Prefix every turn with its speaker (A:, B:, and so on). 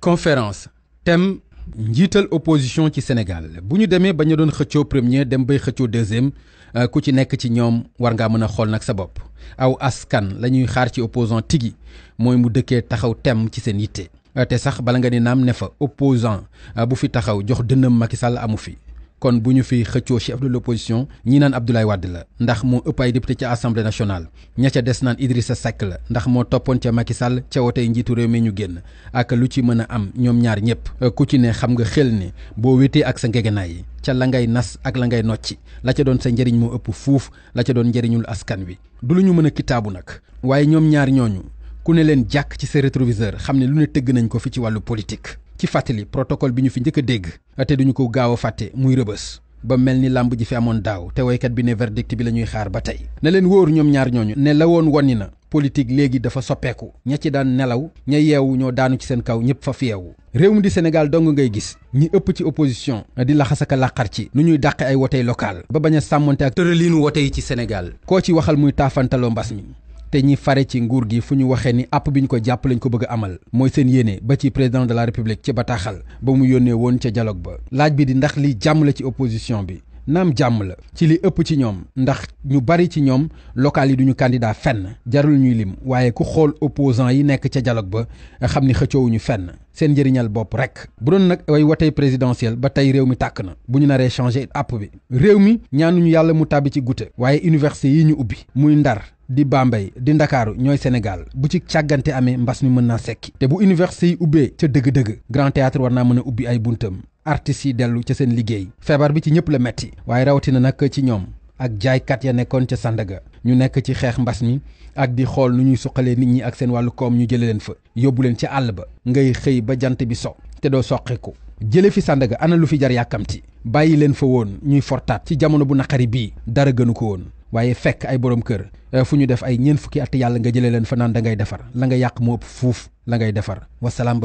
A: conférence temm njiital opposition ci Sénégal bu ñu demee ba ñu doon xëccoo premier dem bay xëccoo deuxième euh, ku ci nekk ci ñoom war ngaa mën a xool nag sa bopp aw askan la ñuy xaar ci opposant tigi mooy mu dëkkee taxaw tem ci seen yitte euh, te sax bala nga ni naam ne fa opposant euh, bu fi taxaw jox dënnam Macky Sall amu fi kon bu ñu fi xëccoo chef de l'opposition ñi naan Abdoulaye Wade la ndax moo ëpp ay député ca assemblée nationale ña ca des naan sa Seck la ndax moo toppoon ca Macky Sall ca wotey njiitu réew mi ñu génn ak lu ci mën a am ñoom ñaar ñëpp ku ci ne xam nga xel ni boo wétee ak sa ngegenaay yi ca la ngay nas ak la ngay nocci la ca doon sa njëriñ moo ëpp fuuf la ca doon njëriñul askan wi du lu ñu mën a kitaabu nag waaye ñoom ñaar ñooñu ku ne leen jàkk ci sa rétroviseur xam ne lu tëgg nañ ko fi ci wàllu politique ci fàttali protocole bi ñu fi njëkk a dégg te duñu ko gaaw a fàtte muy rëbës ba mel ni làmb ji fi amoon daaw te woykat bi ne verdict bi la ñuy xaar ba tey na leen wóor ñoom ñaar ñooñu ne la woon wonni na politique léegi dafa soppeeku ña ci daan nelaw ña yeewu ñoo daanu ci seen kaw ñëpp fa fi réew mi di Sénégal dong ngay gis ñi ëpp ci opposition di laxasaka làqar ci nu ñuy dàqe ay wotey local ba bañ a sàmmante ak tëraliinu wote ci Sénégal koo ci waxal muy taafantaloo mbas mi te ñi fare ci nguur gi fu ñu waxee ni àpp bi ñu ko jàpp lañ ko bëgg amal mooy seen yéene ba ci président de la république ci bataaxal ba mu yónnee woon ca dialogue ba laaj bi di ndax li jàmm la ci opposition bi naam jàmm la ci li ëpp ci ñoom ndax ñu bari ci ñoom local yi duñu candidat fenn jarul ñuy lim waaye ku xool opposant yi nekk ca dialogue ba xam ni xëccoowuñu fenn seen njëriñal bopp rek bu doon nag way watee présidentiel ba tey réew mi tàkk na bu ñu naree changé app bi réew mi ñaanuñu yàlla mu tàbbi ci goutte waaye université yi ñu ubbi muy ndar di baambay di Ndakaaru ñooy Sénégal bu ci càggante amee mbas mi mën naa sekki te bu université yi ubbee ca dëgg-dëgg Grand Théâtre war naa mën a ubbi ay buntam artistes yi dellu ca seen liggéey feebar bi ci ñëpp la metti waaye rawatina nag ci ñoom ak jaaykat ya nekkoon ca Sandaga ñu nekk ci xeex mbas ñi ak di xool nu ñuy suqalee nit ñi ak seen wàllu koom ñu jële leen fa yóbbu leen ci àll ba ngay xëy ba jant bi so te doo soqiku jële fi Sandaga ana lu fi jar yàkkamti bàyyi leen fa woon ñuy fortaat ci jamono bu naqari bii dara gënu ko woon waaye fekk ay boroom kër eh, fu ñu def ay ñeent fukki at yàlla nga jëlee leen fa da ngay defar la nga yàq moo ëpp la ngay defar wasalaam